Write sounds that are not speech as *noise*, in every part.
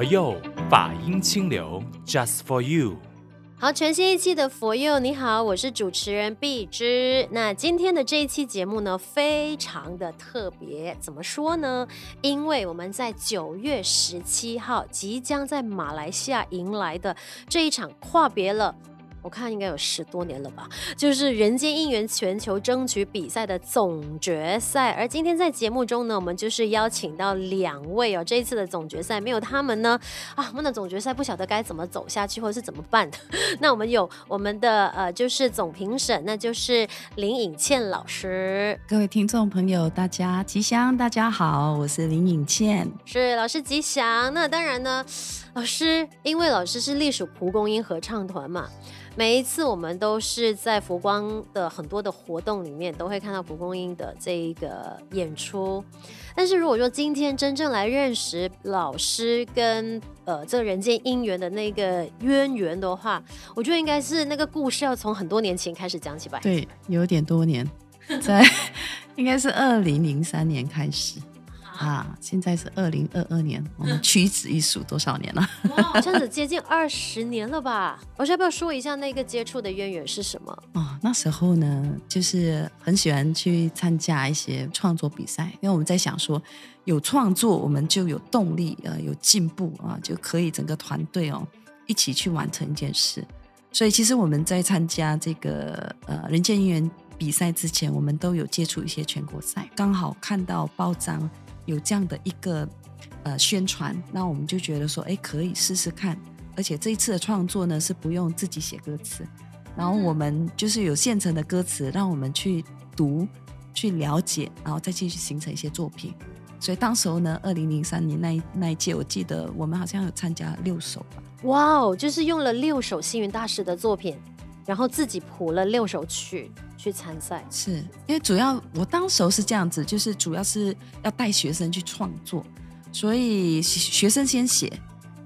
佛佑，法音清流，Just for you。好，全新一期的佛佑，你好，我是主持人碧枝。那今天的這一期節目呢，非常的特別，怎麼說呢？因為我們在九月十七號即將在馬來西亞迎來的這一場跨別了。我看應該有十多年了吧，就是《人間音緣全球徵曲比賽》的總決賽。而今天在節目中呢，我們就是邀請到兩位哦，這一次的總決賽沒有他們呢，啊，我們的總決賽不曉得該怎麼走下去或者是怎麼辦的。 *laughs* 那我們有我們的呃，就是總評審，那就是林穎茜老師。各位聽眾朋友，大家吉祥，大家好，我是林穎茜，是老師吉祥。那當然呢。老師，因為老師是隸屬蒲公英合唱團嘛，每一次我們都是在佛光的很多的活動裡面都會看到蒲公英的這一個演出。但是如果說今天真正來認識老師跟呃這個人間音緣的那個淵源的話，我覺得應該是那個故事要從很多年前開始講起吧。對，有點多年，在 *laughs* 應該是二零零三年開始。啊，現在是二零二二年，我們屈指一數多少年了？這樣子接近二十年了吧？ *laughs* 我是要不要說一下那個接觸的淵源是什麼？啊、哦，那時候呢，就是很喜歡去參加一些創作比賽，因為我們在想說，有創作我們就有動力呃，有進步啊、呃，就可以整個團隊哦一起去完成一件事。所以其實我們在參加這個呃人間音緣比賽之前，我們都有接觸一些全國賽，剛好看到報章，有這樣的一個呃宣傳，那我們就覺得說，誒，可以試試看。而且這一次的創作呢，是不用自己寫歌詞，然後我們就是有現成的歌詞讓我們去讀、去了解，然後再繼續形成一些作品。所以當時候呢，二零零三年那一那一屆，我記得我們好像有參加六首吧。哇哦，就是用了六首星雲大師的作品。然後自己譜了六首曲去，去參賽，是因為主要我當時候是這樣子，就是主要是要帶學生去創作，所以學生先寫，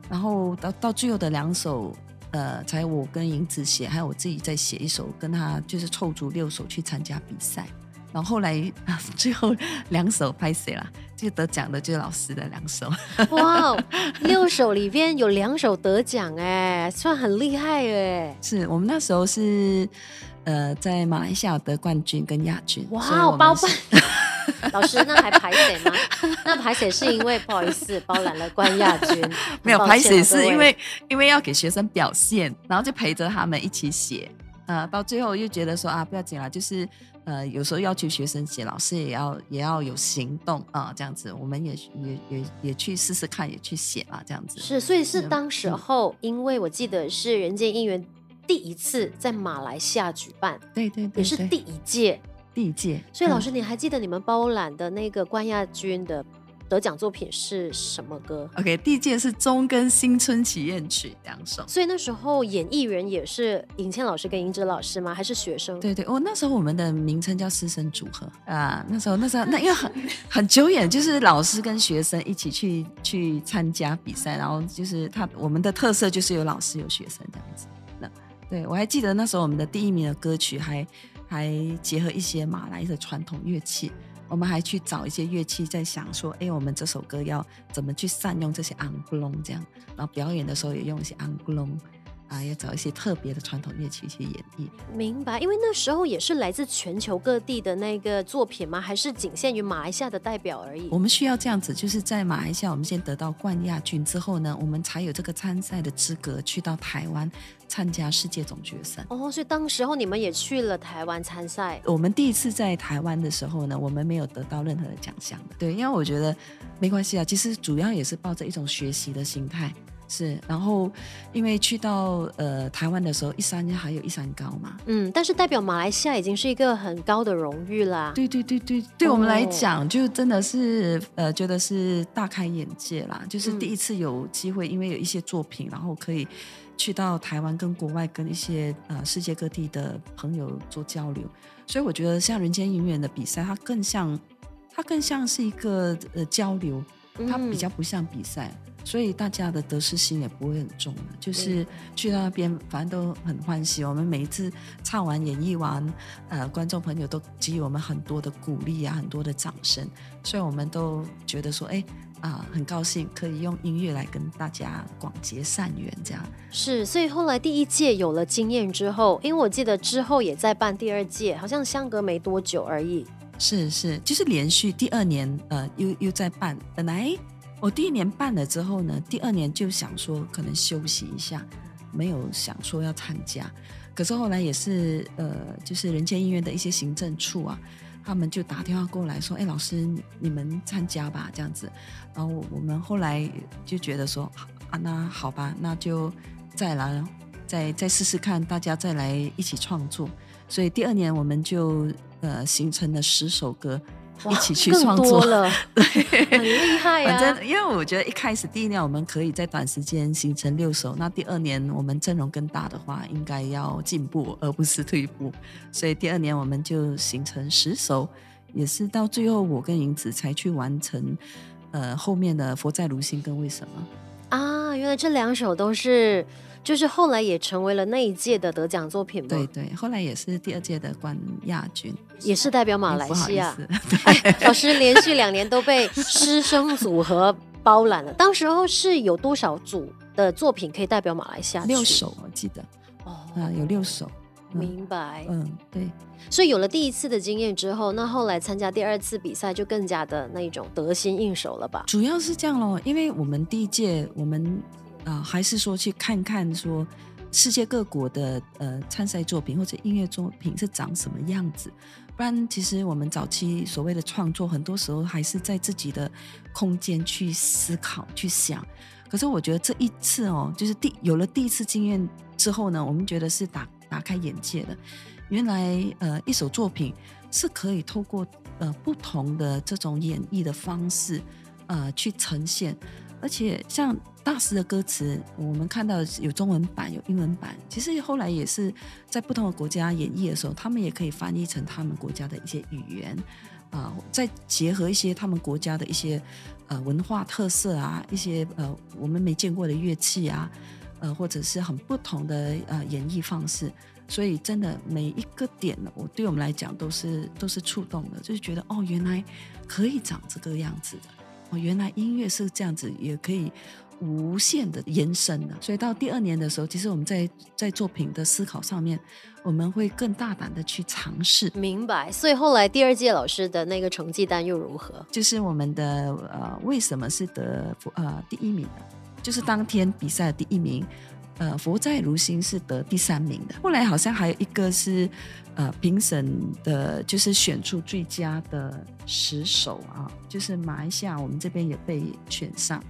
然後到到最後的兩首，呃，才我跟英子寫，還有我自己再寫一首，跟他就是湊足六首去參加比賽，然後後來最後兩首拍死啦。是得獎的，就是老師的兩首。哇哦，六首裡邊有兩首得獎，哎，算很厲害哎、欸。是我們那時候是呃，在馬來西亞得冠軍跟亞軍。哇哦，包辦。 *laughs* 老師，那還排寫嗎？ *laughs* 那排寫是因為不好意思包攬了冠亞軍， *laughs* 沒有排寫是因為 *laughs* 因為要給學生表現，然後就陪着他們一起寫。呃，到最後又覺得說啊，不要緊了，就是。呃，有時候要求學生寫，老師也要也要有行動啊、呃，這樣子，我們也也也也去試試看，也去寫啊。這樣子。是，所以是當時候，嗯、因為我記得是人間音緣第一次在馬來西亞舉辦，對對對，對，也是第一屆對對對，第一屆。所以老師、嗯，你還記得你們包攬的那個冠亞軍的？得獎作品是什麼歌？OK，第一屆是《鐘跟新春祈願曲》兩首。所以那時候，演藝人也是穎茜老師跟憶詩老師嗎？還是學生？對對，哦，那時候我們的名稱叫師生組合啊、呃。那時候，那時候， *laughs* 那因為很很久遠，就是老師跟學生一起去去參加比賽，然後就是他我們的特色就是有老師有學生這樣子。那對我還記得那時候我們的第一名的歌曲還還結合一些馬來的傳統樂器。我們還去找一些樂器，在想說，哎，我們這首歌要怎麼去善用這些安布隆這樣，然後表演的時候也用一些安布隆。Anglons 啊，要找一些特別的傳統樂器去演繹，明白？因為那時候也是來自全球各地的那個作品嗎？還是僅限於馬來西亞的代表而已？我們需要這樣子，就是在馬來西亞我們先得到冠亞軍之後呢，我們才有這個參賽的資格去到台灣參加世界總決賽。哦，所以當時候你們也去了台灣參賽。我們第一次在台灣的時候呢，我們沒有得到任何的獎項的。對，因為我覺得沒關係啊，其實主要也是抱着一種學習的心態。是，然後因為去到呃台灣的時候，一山還有一山高嘛。嗯，但是代表馬來西亞已經是一個很高的榮譽啦。對對對對，對我們來講，oh. 就真的是呃，覺得是大開眼界啦，就是第一次有機會，嗯、因為有一些作品，然後可以去到台灣跟國外，跟一些呃世界各地的朋友做交流。所以我覺得，像人間音緣的比賽，它更像，它更像是一個呃交流。他比較不像比賽，嗯，所以大家的得失心也不會很重的。就是去到那邊，反正都很歡喜。我們每一次唱完，演繹完，呃，觀眾朋友都給予我們很多的鼓勵啊，很多的掌聲，所以我們都覺得說，哎，欸，啊，呃，很高興可以用音樂來跟大家廣結善緣，這樣。是，所以後來第一屆有了經驗之後，因為我記得之後也在辦第二屆，好像相隔沒多久而已。是是，就是連續第二年，呃，又又在辦。本來我第一年辦了之後呢，第二年就想說可能休息一下，沒有想說要參加。可是後來也是，呃，就是人間音緣的一些行政處啊，他們就打電話過來說，哎，老師你們參加吧，這樣子。然後我們後來就覺得說，啊，那好吧，那就再來，再再試試看，大家再來一起創作。所以第二年我們就。呃，形成了十首歌一起去創作了 *laughs* 對，很厲害呀、啊。反正因為我覺得一開始第一年我們可以在短時間形成六首，那第二年我們陣容更大的話，應該要進步而不是退步。所以第二年我們就形成十首，也是到最後我跟穎茜才去完成呃後面的佛在如心跟為什麼啊？原來這兩首都是。就是後來也成為了那一屆的得獎作品嗎？對對，後來也是第二屆的冠亞軍，也是代表馬來西亞。哦，好哎。老師連續兩年都被師生組合包攬了。 *laughs* 當時候是有多少組的作品可以代表馬來西亞？六首，我記得哦，啊、呃，有六首，嗯。明白。嗯，對。所以有了第一次的經驗之後，那後來參加第二次比賽就更加的那種得心應手了吧？主要是這樣嘍，因為我們第一屆我們。啊、呃，還是說去看看說世界各國的呃參賽作品或者音樂作品是長什麼樣子？不然，其實我們早期所謂的創作，很多時候還是在自己的空間去思考、去想。可是，我覺得這一次哦，就是第有了第一次經驗之後呢，我們覺得是打打開眼界的。原來，呃，一首作品是可以透過呃不同的這種演繹的方式，呃，去呈現。而且像大師的歌詞，我們看到有中文版、有英文版。其實後來也是在不同的國家演繹的時候，他們也可以翻譯成他們國家的一些語言，啊、呃，再結合一些他們國家的一些呃文化特色啊，一些呃我們沒見過的樂器啊，呃或者是很不同的呃演繹方式。所以真的每一個點呢，我對我們來講都是都是觸動的，就是覺得哦，原來可以長這個樣子的。哦，原來音樂是這樣子，也可以無限的延伸的。所以到第二年的時候，其實我們在在作品的思考上面，我們會更大膽的去嘗試。明白。所以後來第二屆老師的那個成績單又如何？就是我們的呃，為什麼是得呃第一名呢？就是當天比賽第一名。呃，佛在如心是得第三名的，後來好像還有一個是，呃，評審的，就是選出最佳的十首啊，就是馬來西亞，我們這邊也被選上，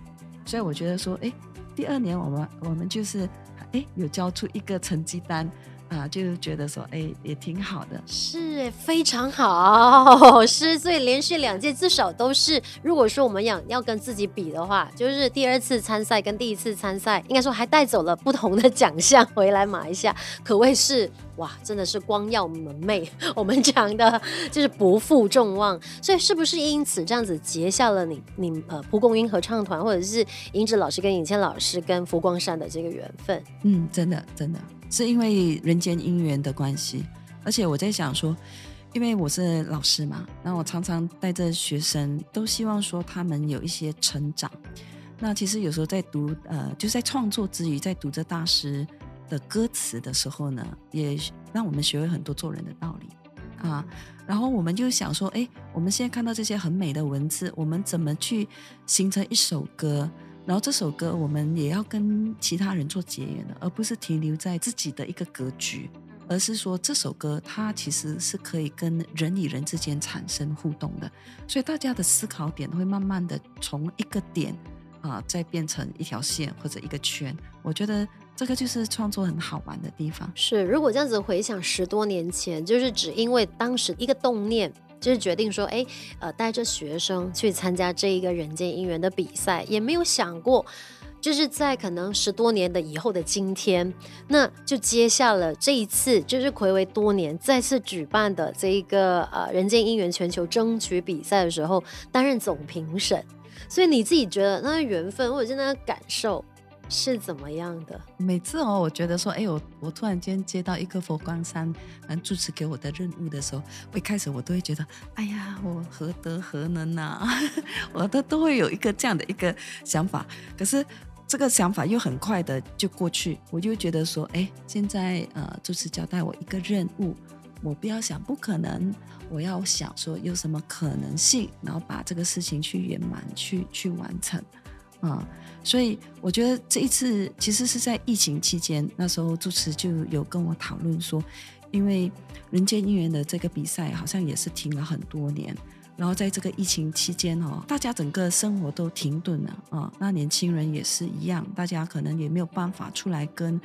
所以我覺得說，哎，第二年我們我們就是，哎，有交出一個成績單。啊，就覺得說，哎、欸，也挺好的，是，非常好，是，所以連續兩屆至少都是。如果說我們想要跟自己比的話，就是第二次參賽跟第一次參賽，應該說還帶走了不同的獎項回來。馬來西亞可謂是，哇，真的是光耀門楣。我們講的就是不負眾望。所以是不是因此這樣子結下了你你呃蒲公英合唱團，或者是憶詩老師跟穎茜老師跟佛光山的這個緣分？嗯，真的，真的。是因為人間音緣的關係，而且我在想說，因為我是老師嘛，那我常常帶着學生，都希望說他們有一些成長。那其實有時候在讀，呃，就在創作之餘，在讀着大師的歌詞的時候呢，也讓我們學會很多做人的道理啊。然後我們就想說，哎，我們現在看到這些很美的文字，我們怎麼去形成一首歌？然後這首歌，我們也要跟其他人做結緣的，而不是停留在自己的一個格局，而是說這首歌它其實是可以跟人與人之間產生互動的，所以大家的思考點會慢慢的從一個點啊、呃，再變成一條線或者一個圈。我覺得這個就是創作很好玩的地方。是，如果這樣子回想十多年前，就是只因為當時一個動念。就是決定說，哎，呃，帶着學生去參加這一個人間音緣的比賽，也沒有想過，就是在可能十多年的以後的今天，那就接下了這一次，就是睽違多年再次舉辦的這一個呃人間音緣全球徵曲比賽的時候擔任總評審。所以你自己覺得那緣分，或者是那個感受？是怎麼樣的？每次哦，我覺得說，哎，我我突然間接到一個佛光山嗯住持給我的任務的時候，我一開始我都會覺得，哎呀，我何德何能啊？ *laughs* 我都都會有一個這樣的一個想法。可是這個想法又很快的就過去，我就覺得說，哎，現在呃住持交代我一個任務，我不要想不可能，我要想說有什麼可能性，然後把這個事情去圓滿去去完成。啊、嗯，所以我覺得這一次其實是在疫情期間，那時候主持就有跟我討論說，因為人間音緣的這個比賽好像也是停了很多年，然後在這個疫情期間哦，大家整個生活都停頓了啊、嗯，那年輕人也是一樣，大家可能也沒有辦法出來跟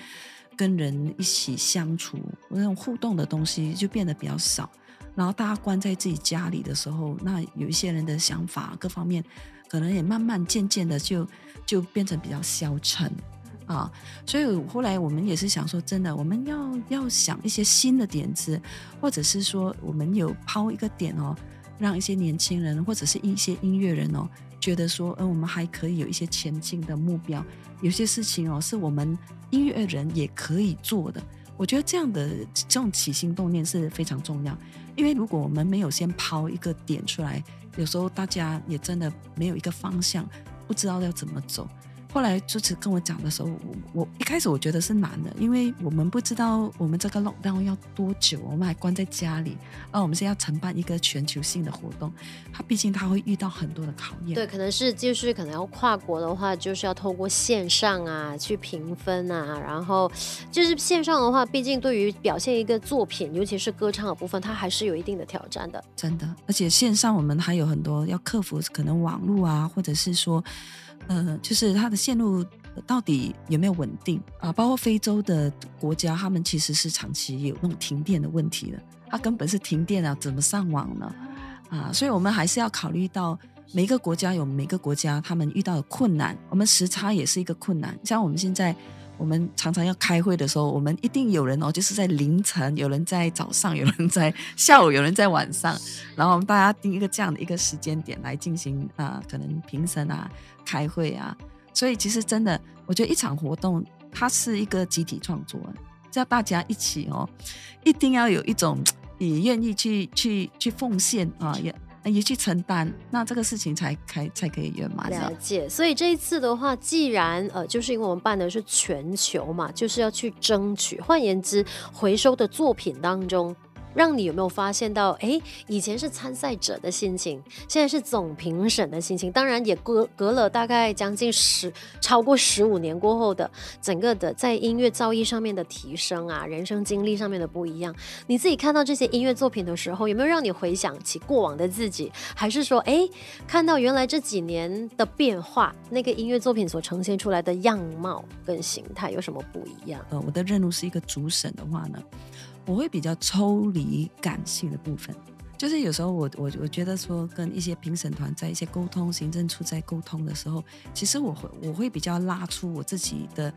跟人一起相處，那種互動的東西就變得比較少，然後大家關在自己家裡的時候，那有一些人的想法各方面。可能也慢慢漸漸的就就變成比較消沉啊，所以後來我們也是想說，真的，我們要要想一些新的點子，或者是說，我們有拋一個點哦，讓一些年輕人或者是一些音樂人哦，覺得說，嗯，呃，我們還可以有一些前進的目標，有些事情哦，是我們音樂人也可以做的。我覺得這樣的這種起心動念是非常重要，因為如果我們沒有先拋一個點出來。有時候大家也真的沒有一個方向，不知道要怎麼走。後來住持跟我講的時候我，我一開始我覺得是難的，因為我們不知道我們這個 lockdown 要多久，我們還關在家裡，而我們是要承辦一個全球性的活動，它畢竟它會遇到很多的考驗。對，可能是就是可能要跨國的話，就是要透過線上啊去評分啊，然後就是線上的話，畢竟對於表現一個作品，尤其是歌唱的部分，它還是有一定的挑戰的。真的，而且線上我們還有很多要克服，可能網絡啊，或者是說。呃，就是它的線路到底有沒有穩定啊？包括非洲的國家，他們其實是長期有那種停電的問題的，它根本是停電了，怎麼上網呢？啊，所以我們還是要考慮到每個國家有每個國家他們遇到的困難，我們時差也是一個困難，像我們現在。我們常常要開會的時候，我們一定有人哦，就是在凌晨，有人在早上，有人在下午，有人在晚上，然後我們大家定一個這樣的一個時間點來進行啊，呃，可能評審啊，開會啊。所以其實真的，我覺得一場活動它是一個集體創作，叫大家一起哦，一定要有一種也願意去去去奉獻啊也。也去承擔，那這個事情才才才可以圓滿。了解，所以這一次的話，既然呃，就是因為我們辦的是全球嘛，就是要去爭取。換言之，回收的作品當中。讓你有沒有發現到，哎，以前是參賽者的心情，現在是總評審的心情。當然也隔隔了大概將近十，超過十五年過後的整個的在音樂造詣上面的提升啊，人生經歷上面的不一樣。你自己看到這些音樂作品的時候，有沒有讓你回想起過往的自己？還是說，哎，看到原來這幾年的變化，那個音樂作品所呈現出來的樣貌跟形態有什麼不一樣？呃，我的任務是一個主審的話呢，我會比較抽離感性的部分，就是有時候我我我覺得說跟一些評審團在一些溝通，行政處在溝通的時候，其實我會我會比較拉出我自己的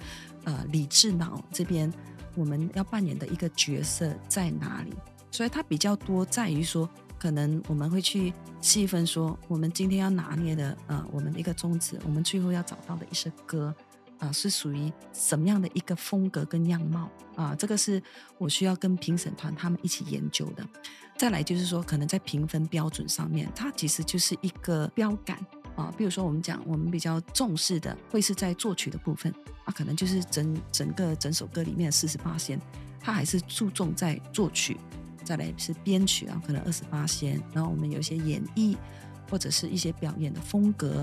呃理智腦，這邊我們要扮演的一個角色在哪裡，所以它比較多在於說可能我們會去細分說我們今天要拿捏的呃我們的一個宗旨，我們最後要找到的一些歌。啊、呃，是屬於什麼樣的一個風格跟樣貌啊、呃？這個是我需要跟評審團他們一起研究的。再來就是說，可能在評分標準上面，它其實就是一個標桿啊、呃。比如說，我們講我們比較重視的，會是在作曲的部分啊、呃，可能就是整整個整首歌裡面四十巴仙，它還是注重在作曲。再來是編曲啊，可能二十巴仙。然後我們有一些演繹或者是一些表演的風格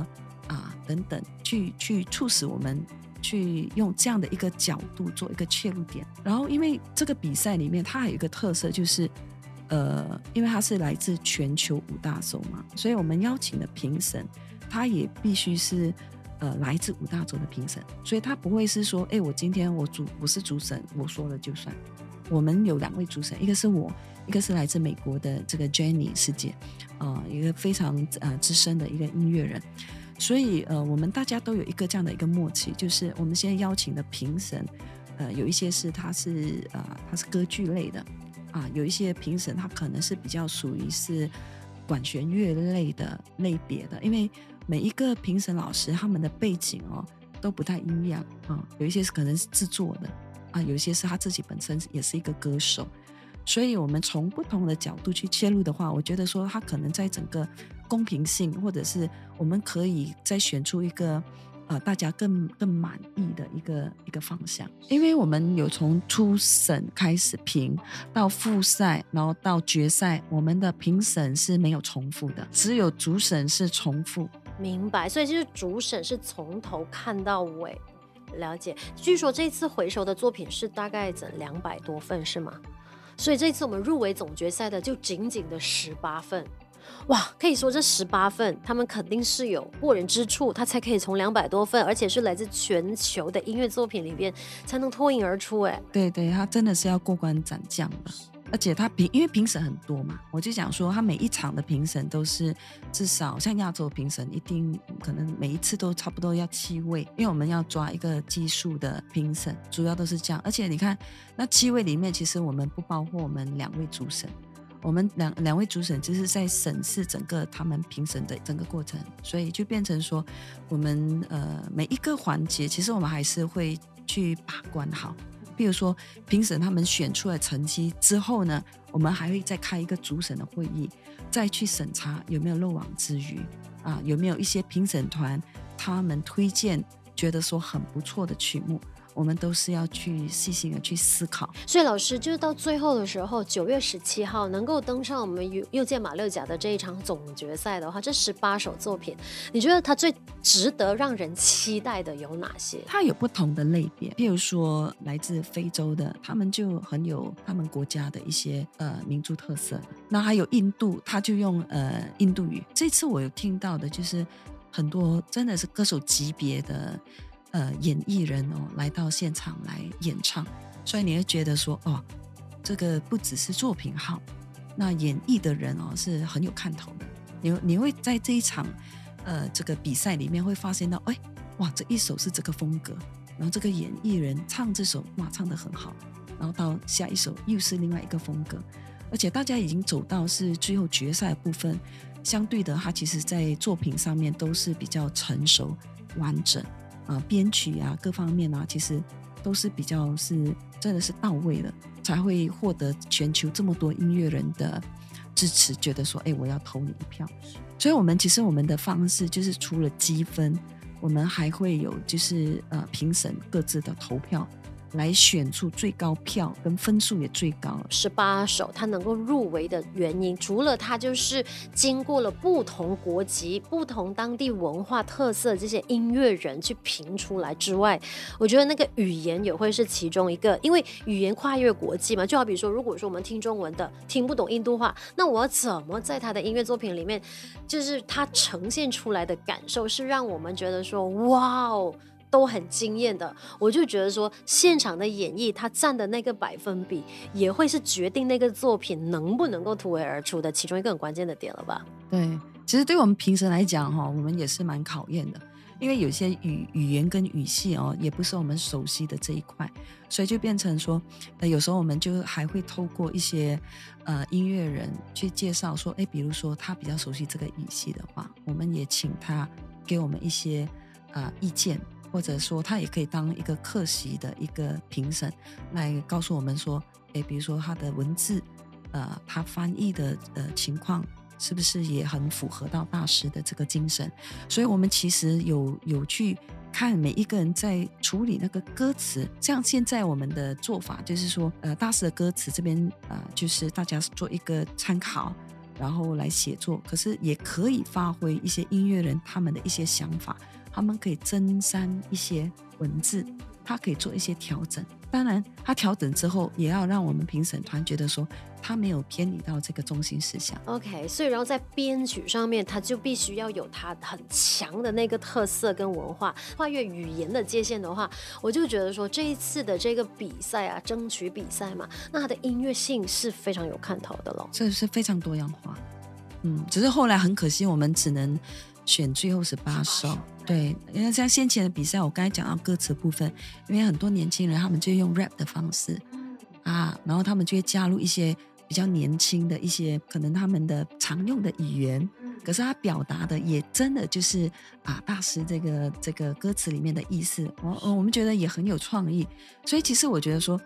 啊、呃、等等，去去促使我們，去用這樣的一個角度做一個切入點，然後因為這個比賽裡面它還有一個特色就是，呃，因為它是來自全球五大洲嘛，所以我們邀請的評審他也必須是呃來自五大洲的評審，所以他不會是說，哎，我今天我主我是主審，我說了就算。我們有兩位主審，一個是我，一個是來自美國的這個 Jenny 師姐，呃，一個非常呃資深的一個音樂人。所以，呃，我們大家都有一個這樣的一個默契，就是我們現在邀請的評審，呃，有一些是他是啊、呃，他是歌劇類的，啊，有一些評審他可能是比較屬於是管弦樂類的類別的，因為每一個評審老師他們的背景哦都不太一樣啊，有一些是可能是製作的，啊，有一些是他自己本身也是一個歌手，所以我們從不同的角度去切入的話，我覺得說他可能在整個，公平性，或者是我們可以再選出一個，呃，大家更更滿意的一個一個方向。因為我們有從初審開始評到複賽，然後到決賽，我們的評審是沒有重複的，只有主審是重複。明白，所以就是主審是從頭看到尾。了解。據說這次回收的作品是大概整兩百多份，是嗎？所以這次我們入圍總決賽的就僅僅的十八份。哇，可以說這十八份，他們肯定是有過人之處，他才可以從兩百多份，而且是來自全球的音樂作品裡邊，才能脫穎而出誒、欸，對對，他真的是要過關斬將的。而且他評，因為評審很多嘛，我就講說他每一場的評審都是至少像亞洲評審一定可能每一次都差不多要七位，因為我們要抓一個技術的評審，主要都是這樣。而且你看那七位裡面，其實我們不包括我們兩位主審。我們兩兩位主審就是在審視整個他們評審的整個過程，所以就變成說，我們呃每一個環節，其實我們還是會去把關好。比如說評審他們選出了成績之後呢，我們還會再開一個主審的會議，再去審查有沒有漏網之魚啊，有沒有一些評審團他們推薦覺得說很不錯的曲目。我們都是要去細心的去思考，所以老師就是到最後的時候，九月十七號能夠登上我們又又見馬六甲的這一場總決賽的話，這十八首作品，你覺得它最值得讓人期待的有哪些？它有不同的類別，譬如說來自非洲的，他們就很有他們國家的一些呃民族特色。那還有印度，他就用呃印度語。這次我有聽到的就是很多真的是歌手級別的。呃，演藝人哦，來到現場來演唱，所以你會覺得說，哦，這個不只是作品好，那演繹的人哦是很有看頭的。你你會在這一場呃這個比賽裡面會發現到，哎，哇，這一首是這個風格，然後這個演藝人唱這首哇唱得很好，然後到下一首又是另外一個風格，而且大家已經走到是最後決賽的部分，相對的他其實在作品上面都是比較成熟完整。啊、呃，編曲啊，各方面啊，其實都是比較是真的是到位了，才會獲得全球這麼多音樂人的支持，覺得說，哎、欸，我要投你一票。所以，我們其實我們的方式就是，除了積分，我們還會有就是呃，評審各自的投票。來選出最高票跟分數也最高了十八首。它能夠入圍的原因，除了它就是經過了不同國籍、不同當地文化特色這些音樂人去評出來之外，我覺得那個語言也會是其中一個，因為語言跨越國際嘛。就好比說，如果說我們聽中文的聽不懂印度話，那我要怎麼在他的音樂作品裡面，就是他呈現出來的感受是讓我們覺得說哇哦。都很驚豔的，我就覺得說，現場的演繹他佔的那個百分比，也會是決定那個作品能不能夠突圍而出的其中一個很關鍵的點了吧？對，其實對我們平時來講哈、哦，我們也是蠻考驗的，因為有些語語言跟語系哦，也不是我們熟悉的這一塊，所以就變成說，呃，有時候我們就還會透過一些呃音樂人去介紹說，誒，比如說他比較熟悉這個語系的話，我們也請他給我們一些啊、呃、意見。或者說，他也可以當一個客席的一個評審，來告訴我們說，誒，比如說他的文字，呃，他翻譯的呃情況，是不是也很符合到大師的這個精神？所以我們其實有有去看每一個人在處理那個歌詞。像現在我們的做法就是說，呃，大師的歌詞這邊，呃，就是大家做一個參考，然後來寫作。可是也可以發揮一些音樂人他們的一些想法。他們可以增刪一些文字，他可以做一些調整。當然，他調整之後也要讓我們評審團覺得說他沒有偏離到這個中心思想。OK，所以然後在編曲上面，他就必須要有他很強的那個特色跟文化，跨越語言的界限的話，我就覺得說這一次的這個比賽啊，徵曲比賽嘛，那它的音樂性是非常有看頭的咯。這是非常多樣化，嗯，只是後來很可惜，我們只能選最後十八首。 *laughs* 對，因為像先前的比賽，我剛才講到歌詞的部分，因為很多年輕人他們就用 rap 的方式啊，然後他們就會加入一些比較年輕的一些可能他們的常用的語言，可是他表達的也真的就是啊，大師這個這個歌詞裡面的意思，我、哦哦、我們覺得也很有創意。所以其實我覺得說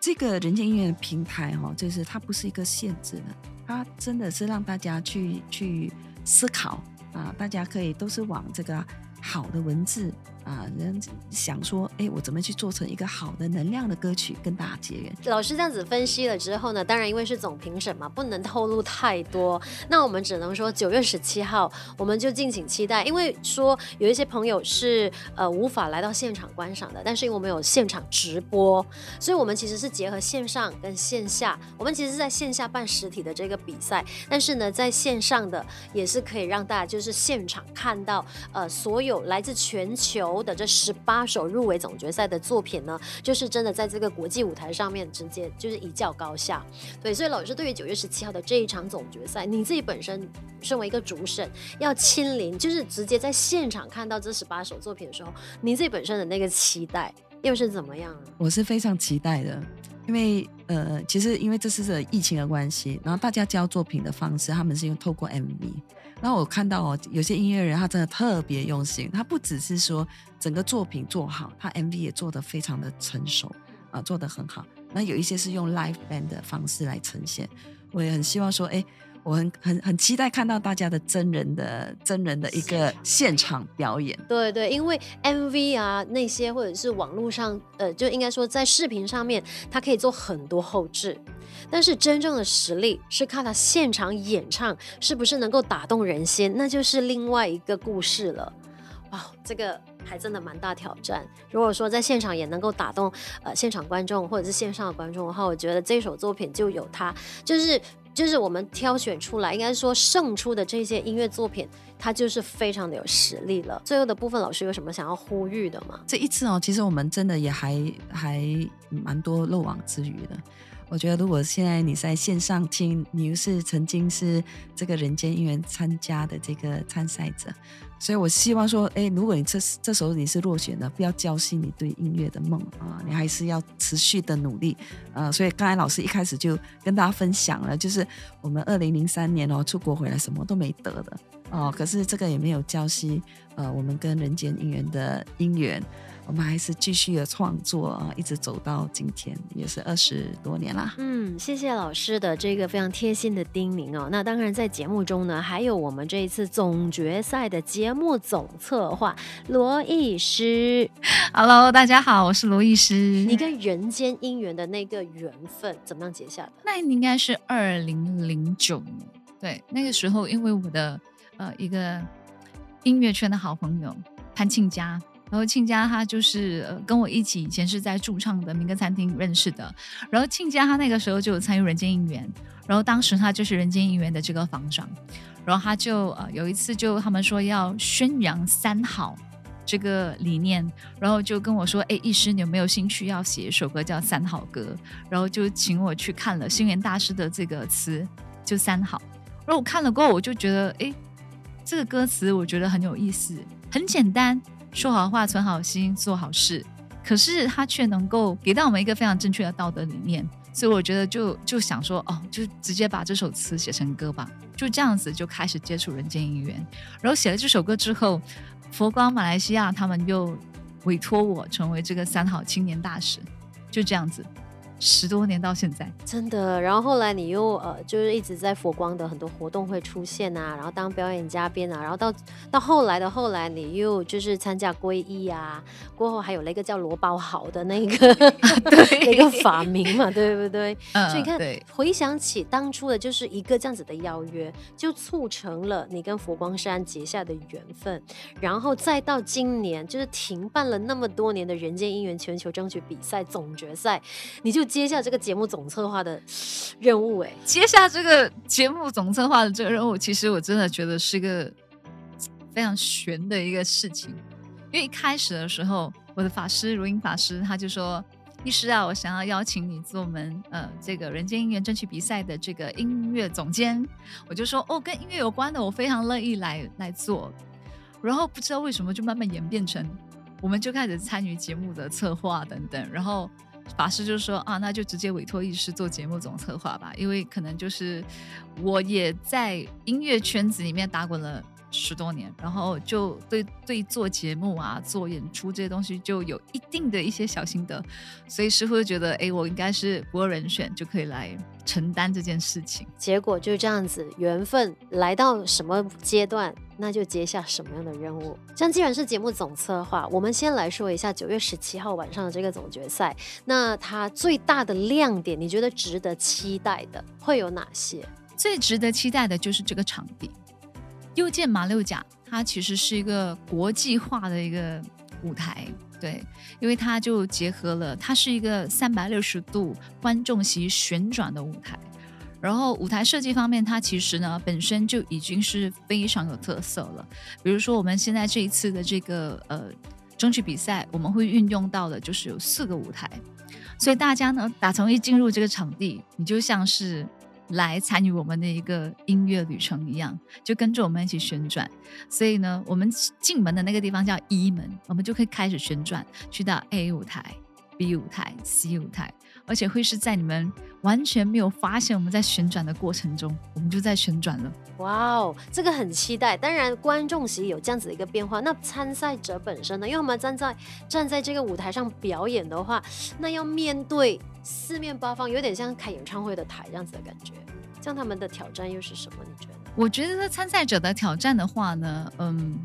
這個人間音緣平台哈、哦，就是它不是一個限制的，它真的是讓大家去去思考啊，大家可以都是往這個。好的文字。啊、呃，人想說，哎，我怎麼去做成一個好的能量的歌曲，跟大家結緣。老師這樣子分析了之後呢，當然因為是總評審嘛，不能透露太多。那我們只能說九月十七號，我們就敬請期待。因為說有一些朋友是呃無法來到現場觀賞的，但是因為我們有現場直播，所以我們其實是結合線上跟線下。我們其實是在線下辦實體的這個比賽，但是呢，在線上的也是可以讓大家就是現場看到呃所有來自全球。的這十八首入圍總決賽的作品呢，就是真的在這個國際舞台上面直接就是一較高下。對，所以老師對於九月十七號的這一場總決賽，你自己本身身為一個主審，要親臨，就是直接在現場看到這十八首作品的時候，你自己本身的那個期待又是怎麼樣啊？我是非常期待的，因為呃，其實因為這是疫情的關係，然後大家交作品的方式，他們是用透過 MV。然後我看到哦，有些音樂人他真的特別用心，他不只是說。整個作品做好，他 MV 也做得非常的成熟啊，呃，做得很好。那有一些是用 live band 的方式來呈現，我也很希望說，哎、欸，我很很很期待看到大家的真人的真人的一個現場表演。對對，因為 MV 啊那些或者是網絡上，呃，就應該說在視頻上面，他可以做很多後製，但是真正的實力是靠他現場演唱，是不是能夠打動人心，那就是另外一個故事了。哇，這個。還真的蠻大挑戰。如果說在現場也能夠打動呃現場觀眾或者是線上的觀眾的話，我覺得這首作品就有它，就是就是我們挑選出來應該說勝出的這些音樂作品，它就是非常的有實力了。最後的部分，老師有什麼想要呼籲的嗎？這一次哦，其實我們真的也還還蠻多漏網之魚的。我覺得，如果現在你在線上聽，你又是曾經是這個人間音緣參加的這個參賽者，所以我希望說，誒，如果你這這時候你是落選的，不要澆熄你對音樂的夢啊、呃，你還是要持續的努力啊、呃。所以剛才老師一開始就跟大家分享了，就是我們二零零三年哦，出國回來什麼都沒得的哦、呃，可是這個也沒有澆熄呃，我們跟人間音緣的姻緣。我們還是繼續的創作啊、呃，一直走到今天，也是二十多年啦。嗯，謝謝老師的這個非常貼心的叮嚀哦。那當然，在節目中呢，還有我們這一次總決賽的節目總策劃羅憶詩。Hello，大家好，我是羅憶詩。你跟人間音緣的那個緣分怎麼樣結下來的？那應該是二零零九年，對，那個時候因為我的呃一個音樂圈的好朋友潘慶佳。然後親家他就是跟我一起以前是在駐唱的民歌餐廳認識的，然後親家他那個時候就有參與人間音緣，然後當時他就是人間音緣的這個房長，然後他就呃有一次就他們說要宣揚三好這個理念，然後就跟我說：“哎，藝師你有沒有興趣要寫一首歌叫三好歌？”然後就請我去看了星雲大師的這個詞，就三好。然後我看了過後，我就覺得哎，這個歌詞我覺得很有意思，很簡單。說好話，存好心，做好事，可是他卻能夠給到我們一個非常正確的道德理念，所以我覺得就就想說，哦，就直接把這首詞寫成歌吧，就這樣子就開始接觸人間音緣，然後寫了這首歌之後，佛光馬來西亞他們又委託我成為這個三好青年大使，就這樣子。十多年到現在，真的。然後後來你又呃，就是一直在佛光的很多活動會出現啊，然後當表演嘉賓啊，然後到到後來的後來，你又就是參加皈依啊。過後還有那個叫羅包豪的那個，啊、對， *laughs* 那個法名嘛，對不對？嗯、所以你看回想起當初的就是一個這樣子的邀約，就促成了你跟佛光山結下的緣分。然後再到今年，就是停辦了那麼多年的人間音緣全球徵曲比賽總決賽，你就。接下這個節目總策劃的任務，欸，哎，接下這個節目總策劃的這個任務，其實我真的覺得是一個非常懸的一個事情，因為一開始的時候，我的法師如音法師他就說：“憶詩 *noise* 啊，我想要邀請你做我們呃這個人間音緣徵曲比賽的這個音樂總監。”我就說：“哦，跟音樂有關的，我非常樂意來來做。”然後不知道為什麼就慢慢演變成，我們就開始參與節目的策劃等等，然後。法師就說啊，那就直接委托憶詩做節目總策劃吧，因為可能就是我也在音樂圈子裡面打滾了，十多年，然後就對對做節目啊、做演出這些東西就有一定的一些小心得，所以師父就覺得，哎，我應該是不二人選，就可以來承擔這件事情。結果就這樣子，緣分來到什麼階段，那就接下什麼樣的任務。像既然是節目總策劃，我們先來說一下九月十七號晚上的這個總決賽，那它最大的亮點，你覺得值得期待的會有哪些？最值得期待的就是這個場地。又見馬六甲，它其實是一個國際化的一個舞台，對，因為它就結合了，它是一個三百六十度觀眾席旋轉的舞台，然後舞台設計方面，它其實呢本身就已經是非常有特色了。比如說我們現在這一次的這個呃徵曲比賽，我們會運用到的就是有四個舞台，所以大家呢打從一進入這個場地，你就像是來參與我們的一個音樂旅程一樣，就跟着我們一起旋轉。所以呢，我們進門的那個地方叫一門，我們就可以開始旋轉，去到 A 舞台、B 舞台、C 舞台。而且會是在你們完全沒有發現我們在旋轉的過程中，我們就在旋轉了。哇哦，這個很期待！當然，觀眾席有這樣子的一個變化，那參賽者本身呢？因為我們站在站在這個舞台上表演的話，那要面對四面八方，有點像開演唱會的台這樣子的感覺。像他們的挑戰又是什麼？你覺得？我覺得參賽者的挑戰的話呢，嗯，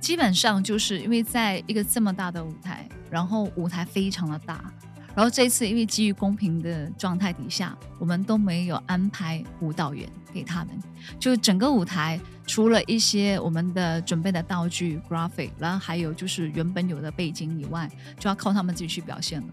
基本上就是因為在一個這麼大的舞台，然後舞台非常的大。然後這次，因為基於公平的狀態底下，我們都沒有安排舞蹈員給他們，就整個舞台除了一些我們的準備的道具、graphic，然後還有就是原本有的背景以外，就要靠他們自己去表現了。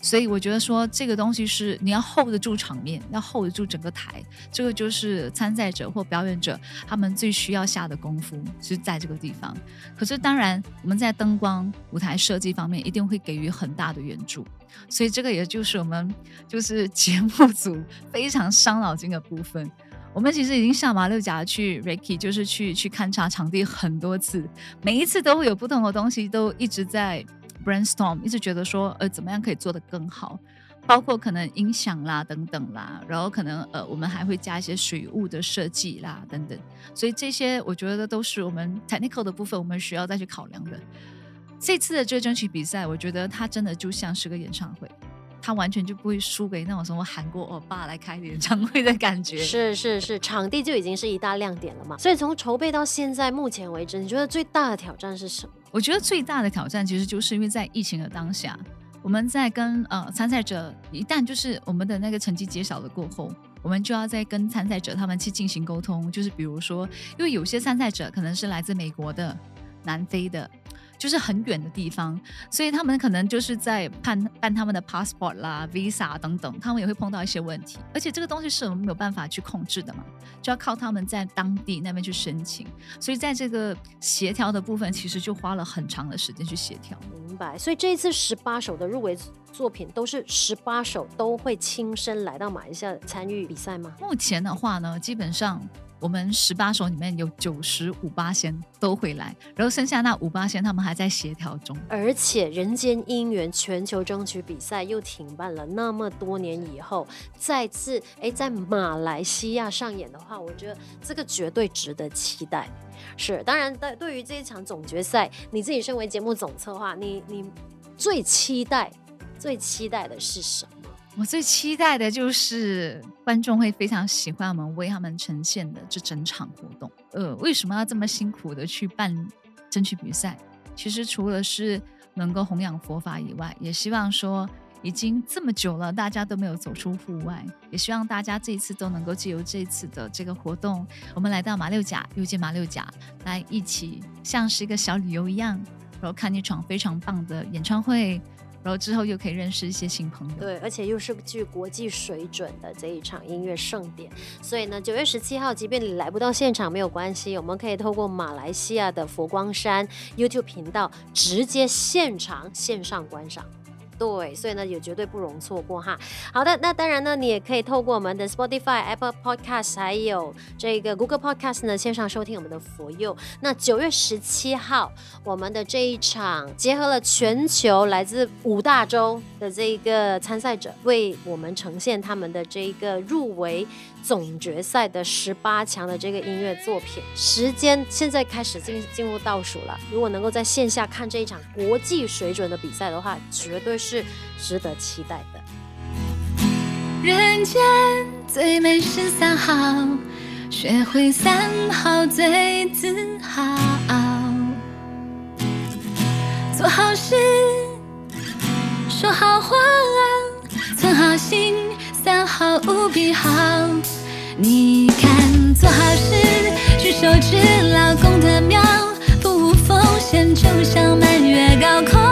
所以我覺得說，這個東西是你要 hold 得住場面，要 hold 得住整個臺，這個就是參賽者或表演者他們最需要下的功夫，就是在這個地方。可是當然，我們在燈光、舞台設計方面一定會給予很大的援助。所以這個也就是我們就是節目組非常傷腦筋的部分。我們其實已經下馬六甲去 Ricky，就是去去勘察場地很多次，每一次都會有不同的東西，都一直在。Brainstorm 一直覺得說，呃，怎麼樣可以做得更好，包括可能音響啦、等等啦，然後可能呃，我們還會加一些水霧的設計啦、等等，所以這些我覺得都是我們 technical 的部分，我們需要再去考量的。這次的這個徵曲比賽，我覺得它真的就像是個演唱會。他完全就不會輸給那種什麼韓國歐巴來開演唱會的感覺。 *laughs* 是是是，場地就已經是一大亮點了嘛。所以從籌備到現在目前為止，你覺得最大的挑戰是什麼？我覺得最大的挑戰其實就是因為在疫情的當下，我們在跟呃參賽者一旦就是我們的那個成績揭曉了過後，我們就要再跟參賽者他們去進行溝通，就是比如說，因為有些參賽者可能是來自美國的、南非的。就是很遠的地方，所以他們可能就是在辦辦他們的 passport 啦、visa 等等，他們也會碰到一些問題，而且這個東西是我們沒有辦法去控制的嘛，就要靠他們在當地那邊去申請，所以在這個協調的部分，其實就花了很長的時間去協調，明白？所以這一次十八首的入圍作品，都是十八首都會親身來到馬來西亞參與比賽嗎？目前的話呢，基本上。我們十八首裡面有九十五巴仙都會來，然後剩下那五巴仙他們還在協調中。而且，人間音緣全球徵曲比賽又停辦了那麼多年以後，再次哎在馬來西亞上演的話，我覺得這個絕對值得期待。是，當然，對，對於這一場總決賽，你自己身為節目總策劃，你你最期待、最期待的是什麼？我最期待的就是觀眾會非常喜歡我們為他們呈現的這整場活動。呃，為什麼要這麼辛苦的去辦徵曲比賽？其實除了是能夠弘揚佛法以外，也希望說已經這麼久了，大家都沒有走出戶外，也希望大家這一次都能夠借由這次的這個活動，我們來到馬六甲，又見馬六甲，來一起像是一個小旅遊一樣，然後看一場非常棒的演唱會。然後之後又可以認識一些新朋友，對，而且又是具國際水準的這一場音樂盛典，所以呢，九月十七號，即便你來不到現場沒有關係，我們可以透過馬來西亞的佛光山 YouTube 頻道直接現場線上觀賞。對，所以呢，也絕對不容錯過哈。好的，那當然呢，你也可以透過我們的 Spotify、Apple Podcast，還有這個 Google Podcast 呢，線上收聽我們的佛佑。那九月十七號，我們的這一場結合了全球來自五大洲的這一個參賽者，為我們呈現他們的這一個入圍總決賽的十八強的這個音樂作品，時間現在開始進進入倒數了。如果能夠在線下看這一場國際水準的比賽的話，絕對是值得期待的。人間最美是三好，學會三好最自豪，做好事，說好話，存好心，三好無比好。你看，做好事舉手之勞，功德妙，不無風險，就像滿月高空。